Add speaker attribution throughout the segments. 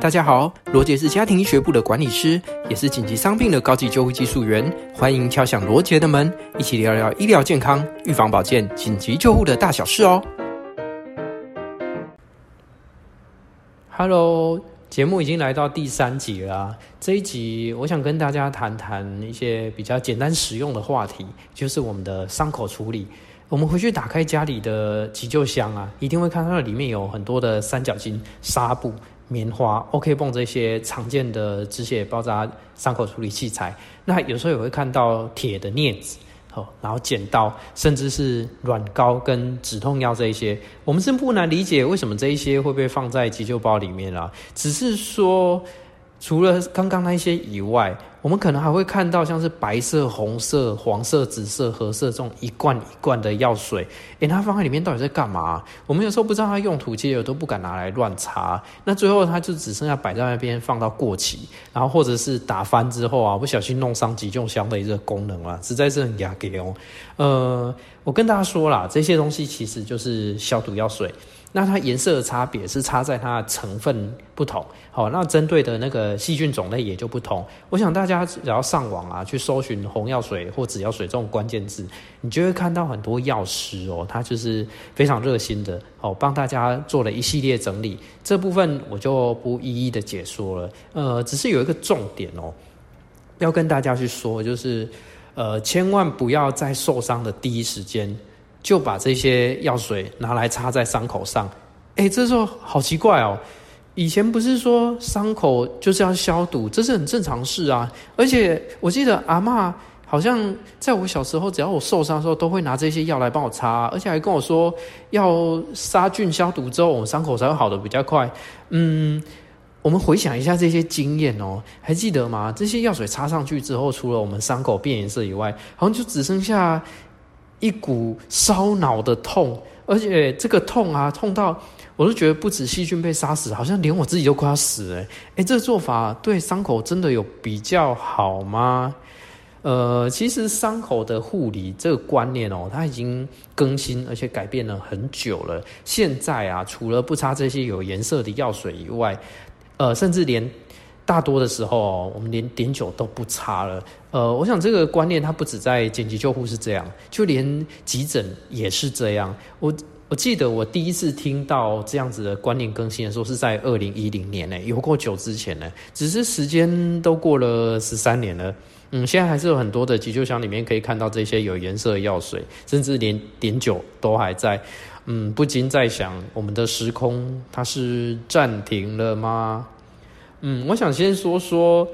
Speaker 1: 大家好，羅傑是家庭醫學部的管理師，也是緊急傷病的高級救護技術員。歡迎敲響羅傑的門，一起聊聊醫療健康、預防保健、緊急救護的大小事哦。Hello，節目已經來到第三集了。這一集我想跟大家談談一些比較簡單實用的話題，就是我們的傷口處理。我們回去打開家裡的急救箱啊，一定會看到裡面有很多的三角巾、紗布。棉花、OK 繃、這些常見的止血、包扎、傷口處理器材，那有時候也會看到鐵的鑷子、然後剪刀，甚至是軟膏跟止痛藥這一些，我們是不難理解為什麼這一些會被放在急救包裡面了、啊，只是說。除了剛剛那些以外，我們可能還會看到像是白色、紅色、黃色、紫色、褐色這種一罐一罐的藥水。哎、欸，它放在裡面到底在幹嘛、啊？我們有時候不知道它用途，其實都不敢拿來亂擦。那最後它就只剩下擺在那邊，放到過期，然後或者是打翻之後啊，不小心弄傷急救箱的一個功能了，實在是很亞給哦。呃，我跟大家說了，這些東西其實就是消毒藥水。那它顏色的差別是差在它的成分不同，好，那針對的那個細菌種類也就不同。我想大家只要上網啊，去搜尋紅藥水或紫藥水這種關鍵字，你就會看到很多藥師哦、喔，他就是非常熱心的哦，喔，幫大家做了一系列整理。這部分我就不一一的解說了，呃，只是有一個重點哦、喔，要跟大家去說，就是呃，千萬不要在受傷的第一時間。就把這些藥水拿來擦在傷口上，誒、欸，這時候好奇怪哦、喔，以前不是說傷口就是要消毒，這是很正常事啊。而且我記得阿嬤好像在我小時候，只要我受傷的時候，都會拿這些藥來幫我擦，而且還跟我說要殺菌消毒之後，我們傷口才會好得比較快。嗯，我們回想一下這些經驗哦、喔，還記得嗎？這些藥水擦上去之後，除了我們傷口變顏色以外，好像就只剩下。一股燒腦的痛，而且這個痛啊，痛到我都覺得不止細菌被殺死，好像連我自己都快要死了、欸。哎、欸，這個、做法對傷口真的有比較好嗎？呃，其實傷口的護理這個觀念哦、喔，它已經更新，而且改變了很久了。現在啊，除了不擦這些有顏色的藥水以外，呃，甚至連。大多的時候，我們連碘酒都不擦了。呃，我想這個觀念它不止在緊急救護是這樣，就連急診也是這樣。我我記得我第一次聽到這樣子的觀念更新的時候是在二零一零年呢、欸，有夠久之前呢、欸，只是時間都過了十三年了。嗯，現在還是有很多的急救箱裡面可以看到這些有顏色的藥水，甚至連碘酒都還在。嗯，不禁在想，我們的時空它是暫停了嗎？嗯，我想先說說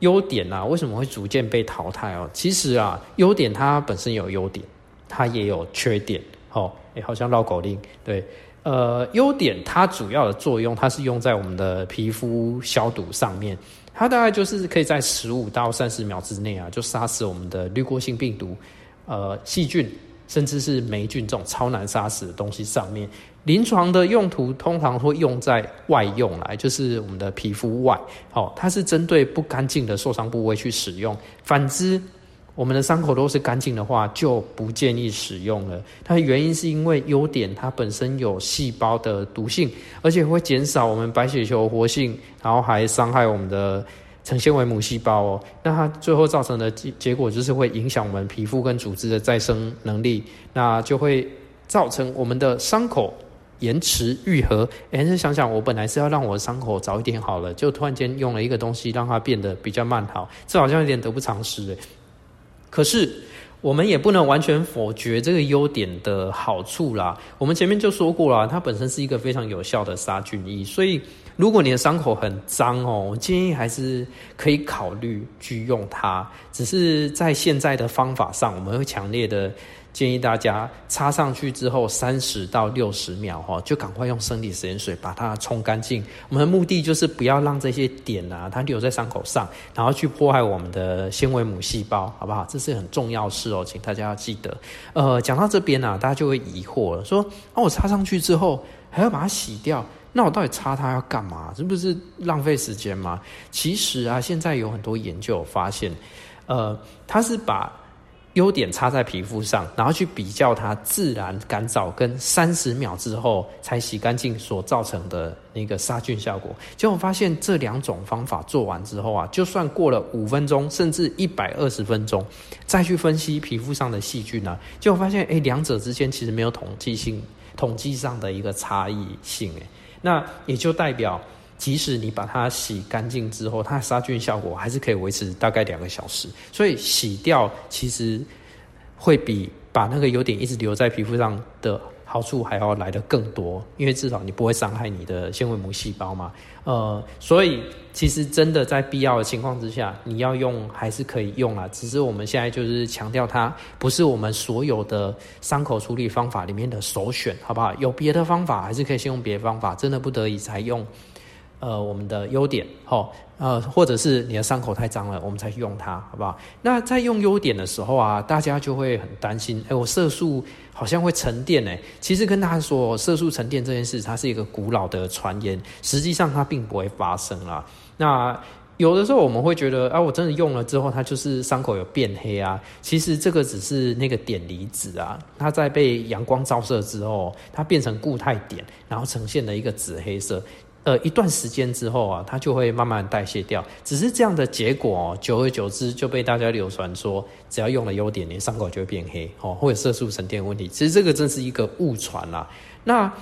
Speaker 1: 優碘啊為什麼會逐漸被淘汰哦？其實啊，優碘它本身有優點，它也有缺點哦、欸。好像繞口令，對，呃，優碘它主要的作用，它是用在我們的皮膚消毒上面，它大概就是可以在十五到三十秒之內啊，就殺死我們的濾過性病毒，呃，細菌。甚至是黴菌這種超難殺死的東西上面，臨床的用途通常會用在外用來，就是我們的皮膚外，好、哦，它是針對不乾淨的受傷部位去使用。反之，我們的傷口都是乾淨的話，就不建議使用了。它的原因是因為優碘，它本身有細胞的毒性，而且會減少我們白血球活性，然後還傷害我們的。呈現為母細胞哦、喔，那它最後造成的結結果就是會影響我們皮膚跟組織的再生能力，那就會造成我們的傷口延遲癒合。誒、欸，現在想想，我本來是要讓我的傷口早一點好了，就突然間用了一個東西讓它變得比較慢好，這好像有點得不償失誒，可是我們也不能完全否決這個優碘的好處啦。我們前面就說過了，它本身是一個非常有效的殺菌劑，所以。如果你的傷口很髒哦，我建議還是可以考慮去用它。只是在現在的方法上，我們會強烈的建議大家擦上去之後三十到六十秒哈、哦，就趕快用生理食鹽水把它沖乾淨。我們的目的就是不要讓這些碘啊，它留在傷口上，然後去破壞我們的纖維母細胞，好不好？這是很重要的事哦，請大家要記得。呃，講到這邊啊，大家就會疑惑了，說啊、哦，我擦上去之後還要把它洗掉？那我到底擦它要幹嘛？這不是浪費時間嗎？其實啊，現在有很多研究發現，呃，它是把優碘擦在皮膚上，然後去比較它自然乾燥跟三十秒之後才洗乾淨所造成的那個殺菌效果。結果發現這兩種方法做完之後啊，就算過了五分鐘，甚至一百二十分鐘，再去分析皮膚上的細菌呢、啊，結果發現，哎、欸，兩者之間其實沒有統計性、統計上的一個差異性、欸，誒。那也就代表，即使你把它洗乾淨之後，它殺菌效果還是可以維持大概兩個小時。所以洗掉其實會比把那個優碘一直留在皮膚上的。好處還要來得更多，因為至少你不會傷害你的纖維母細胞嘛。呃，所以其實真的在必要的情況之下，你要用還是可以用啦。只是我們現在就是強調它不是我們所有的傷口處理方法裡面的首選，好不好？有別的方法還是可以先用別的方法，真的不得已才用。呃，我們的優碘，吼、哦，呃，或者是你的傷口太髒了，我們才去用它，好不好？那在用優碘的時候啊，大家就會很擔心，誒、欸，我色素好像會沉澱誒。其實跟大家說色素沉澱這件事，它是一個古老的傳言，實際上它並不會發生啦。那有的時候我們會覺得，啊，我真的用了之後，它就是傷口有變黑啊。其實這個只是那個碘離子啊，它在被陽光照射之後，它變成固態碘，然後呈現了一個紫黑色。呃，一段時間之後啊，它就會慢慢代謝掉。只是這樣的結果，喔，久而久之就被大家流傳說，只要用了優碘，你傷口就會變黑，哦、喔，或者色素沉澱問題。其實這個真是一個誤傳啦。那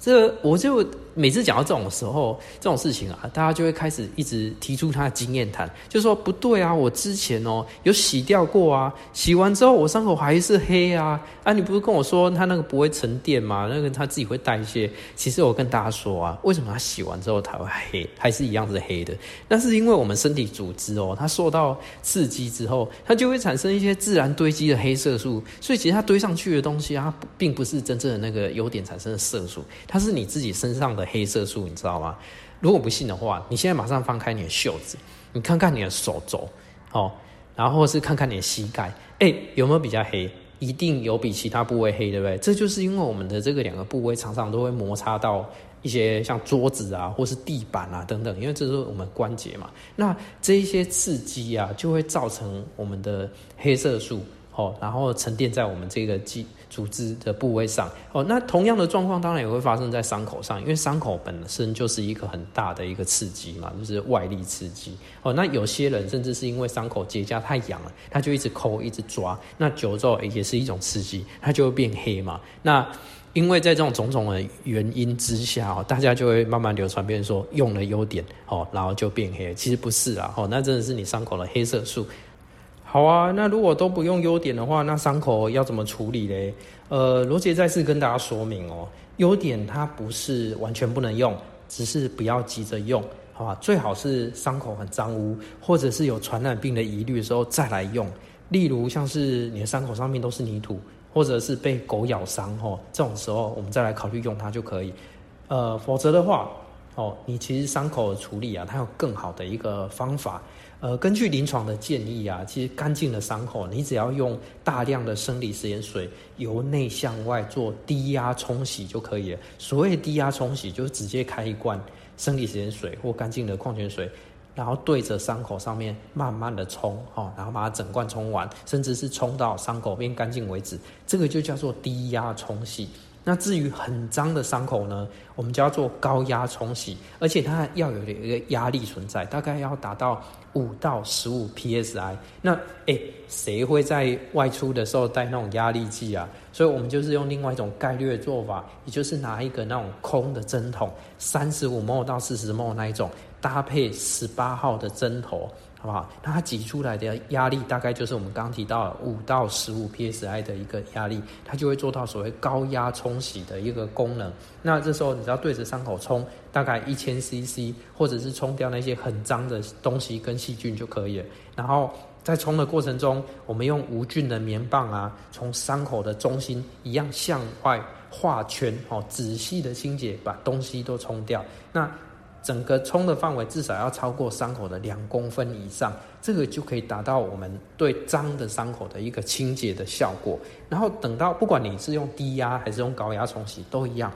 Speaker 1: 這我就。每次講到這種時候，這種事情啊，大家就會開始一直提出他的經驗談，就說不對啊，我之前哦、喔、有洗掉過啊，洗完之後我傷口還是黑啊，啊你不是跟我說他那個不會沉澱嗎？那個他自己會代謝。其實我跟大家說啊，為什麼他洗完之後他會黑，還是一樣是黑的？那是因為我們身體組織哦、喔，它受到刺激之後，它就會產生一些自然堆積的黑色素，所以其實它堆上去的東西啊，並不是真正的那個優碘產生的色素，它是你自己身上的。黑色素你知道嗎？如果不信的話，你現在馬上放開你的袖子，你看看你的手肘哦、喔，然後是看看你的膝蓋，誒、欸，有沒有比較黑？一定有比其他部位黑，對不對？這就是因為我們的這個兩個部位常常都會摩擦到一些像桌子啊，或是地板啊等等，因為這是我們關節嘛。那這一些刺激啊，就會造成我們的黑色素。然後沉澱在我們這個組織的部位上。那同樣的狀況當然也會發生在傷口上，因為傷口本身就是一個很大的一個刺激嘛，就是外力刺激。那有些人甚至是因為傷口結痂太癢了，他就一直摳，一直抓。那久之後，也是一種刺激，它就會變黑嘛。那因為在這種種種的原因之下，大家就會慢慢流傳，變說用了優碘，然後就變黑。其實不是啊，那真的是你傷口的黑色素。好啊，那如果都不用優碘的話，那傷口要怎麼處理嘞？呃，羅傑再次跟大家說明哦，優碘它不是完全不能用，只是不要急着用，好吧？最好是傷口很髒污，或者是有傳染病的疑慮的時候再來用。例如像是你的傷口上面都是泥土，或者是被狗咬傷哦，這種時候我們再來考慮用它就可以。呃，否則的話，哦，你其實傷口的處理啊，它有更好的一個方法。呃，根據臨床的建議啊，其實乾淨的傷口，你只要用大量的生理食鹽水由內向外做低壓沖洗就可以了。所謂低壓沖洗，就是直接開一罐生理食鹽水或乾淨的礦泉水，然後對着傷口上面慢慢的沖，哈、喔，然後把它整罐沖完，甚至是沖到傷口變乾淨為止，這個就叫做低壓沖洗。那至於很髒的傷口呢，我們就要做高壓沖洗，而且它要有一個壓力存在，大概要達到五到十五 psi。那誒誰、欸、會在外出的時候帶那種壓力計啊？所以我們就是用另外一種概略的做法，也就是拿一個那種空的針筒，三十五 ml 到四十 ml 那一種，搭配十八號的針頭。好不好？那它擠出來的壓力大概就是我們剛剛提到五到十五 psi 的一個壓力，它就會做到所謂高壓沖洗的一個功能。那這時候你只要對着傷口沖，大概一千 cc，或者是沖掉那些很髒的東西跟細菌就可以了。然後在沖的過程中，我們用無菌的棉棒啊，從傷口的中心一樣向外畫圈，哦，仔細的清潔，把東西都沖掉。那整個沖的範圍至少要超過傷口的兩公分以上，這個就可以達到我們對髒的傷口的一個清潔的效果。然後等到不管你是用低壓還是用高壓沖洗都一樣，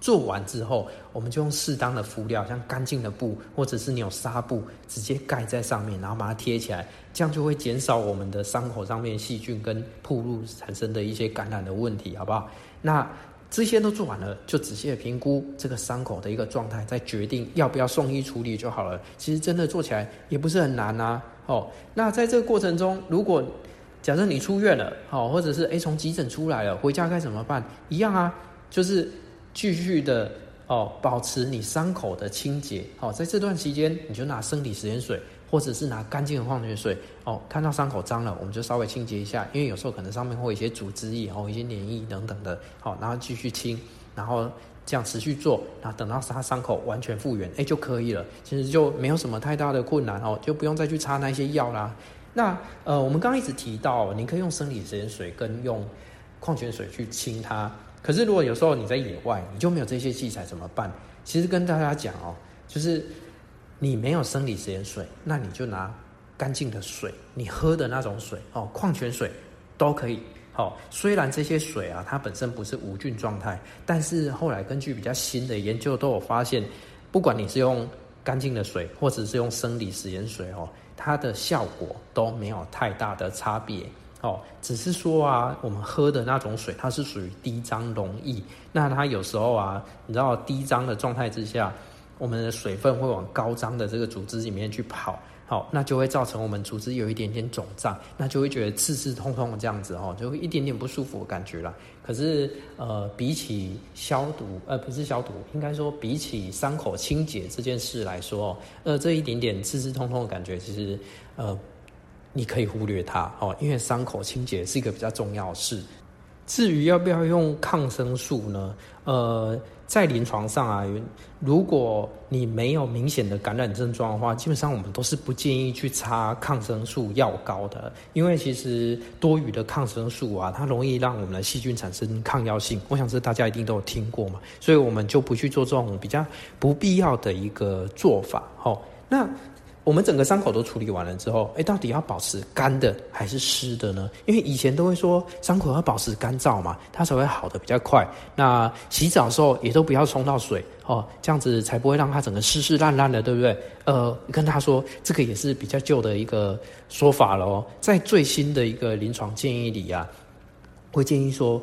Speaker 1: 做完之後我們就用適當的敷料，像乾淨的布或者是你有紗布，直接蓋在上面，然後把它貼起來，這樣就會減少我們的傷口上面細菌跟曝露產生的一些感染的問題，好不好？那。這些都做完了，就仔細的評估這個傷口的一個狀態，再決定要不要送醫處理就好了。其實真的做起來也不是很難吶、啊，哦。那在這個過程中，如果假設你出院了，好，或者是哎從、欸、急診出來了，回家該怎麼辦？一樣啊，就是繼續的哦，保持你傷口的清潔。好、哦，在這段時間你就拿生理食鹽水。或者是拿乾淨的礦泉水哦，看到傷口髒了，我們就稍微清潔一下，因為有時候可能上面會有一些組織液哦，一些黏液等等的，好、哦，然後繼續清，然後這樣持續做，然後等到它傷口完全復原，誒、欸、就可以了，其實就沒有什麼太大的困難哦，就不用再去擦那些藥啦、啊。那呃，我們剛剛一直提到，你可以用生理鹽水跟用礦泉水去清它，可是如果有時候你在野外，你就沒有這些器材怎麼辦？其實跟大家講哦，就是。你沒有生理食鹽水，那你就拿乾淨的水，你喝的那種水哦，礦泉水都可以。哦，雖然這些水啊，它本身不是無菌狀態，但是後來根據比較新的研究都有發現，不管你是用乾淨的水或者是用生理食鹽水哦，它的效果都沒有太大的差別。哦，只是說啊，我們喝的那種水它是屬於低張溶液，那它有時候啊，你知道低張的狀態之下。我們的水分會往高張的這個組織裡面去跑，好，那就會造成我們組織有一點點腫脹，那就會覺得刺刺痛痛這樣子哦，就會一點點不舒服的感覺啦。可是呃，比起消毒，呃，不是消毒，應該說比起傷口清潔這件事來說哦，呃，這一點點刺刺痛痛的感覺，其實呃，你可以忽略它哦，因為傷口清潔是一個比較重要的事。至於要不要用抗生素呢？呃，在臨床上啊，如果你沒有明顯的感染症狀的話，基本上我們都是不建議去擦抗生素藥膏的，因為其實多餘的抗生素啊，它容易讓我們的細菌產生抗藥性。我想這大家一定都有聽過嘛，所以我們就不去做這種比較不必要的一個做法。齁、哦，那。我們整個傷口都處理完了之後，誒，到底要保持乾的還是濕的呢？因為以前都會說傷口要保持乾燥嘛，它才會好得比較快。那洗澡的時候也都不要沖到水哦，這樣子才不會讓它整個濕濕爛爛的，對不對？呃，跟他說這個也是比較舊的一個說法了。在最新的一個臨床建議裡啊，會建議說。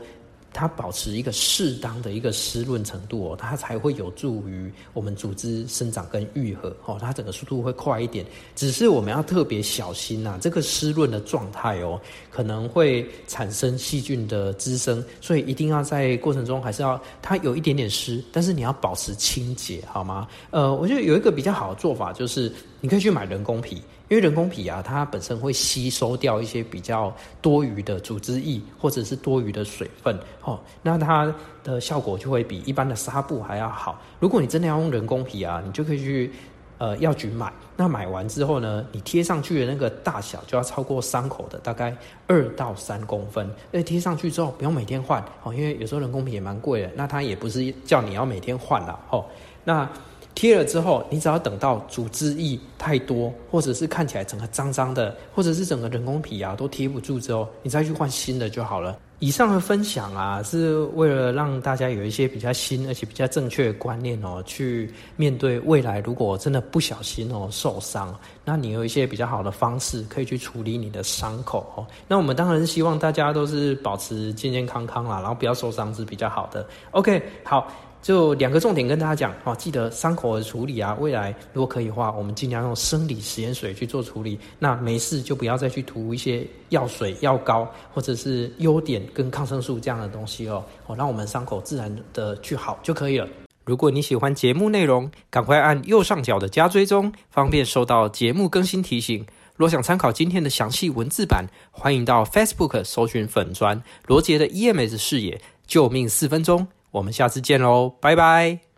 Speaker 1: 它保持一個適當的一個濕潤程度哦，它才會有助於我們組織生長跟癒合哦，它整個速度會快一點。只是我們要特別小心吶，這個濕潤的狀態哦，可能會產生細菌的滋生，所以一定要在過程中還是要它有一點點濕，但是你要保持清潔好嗎？呃，我覺得有一個比較好的做法就是。你可以去買人工皮，因為人工皮啊，它本身會吸收掉一些比較多餘的組織液或者是多餘的水分，哦，那它的效果就會比一般的紗布還要好。如果你真的要用人工皮啊，你就可以去呃藥局買。那買完之後呢，你貼上去的那個大小就要超過傷口的大概二到三公分。哎，貼上去之後不用每天換，哦，因為有時候人工皮也蠻貴的，那它也不是叫你要每天換了，哦，那貼了之後，你只要等到組織液太多，或者是看起來整個髒髒的，或者是整個人工皮啊都貼不住之後，你再去換新的就好了。以上的分享啊，是為了讓大家有一些比較新而且比較正確的觀念哦，去面對未來。如果真的不小心哦，受傷，那你有一些比較好的方式可以去處理你的傷口哦。那我們當然是希望大家都是保持健健康康啦，然後不要受傷是比較好的。OK，好。就兩個重點跟大家講哦，記得傷口的處理啊。未來如果可以的話，我們儘量用生理食鹽水去做處理。那沒事就不要再去塗一些藥水、藥膏或者是優碘跟抗生素這樣的東西哦。哦，讓我們傷口自然的去好就可以了。如果你喜歡節目內容，趕快按右上角的加追蹤，方便收到節目更新提醒。若想參考今天的詳細文字版，歡迎到 Facebook 搜尋粉專羅傑的 EMS 視野救命四分鐘。我們下次見嘍，拜拜。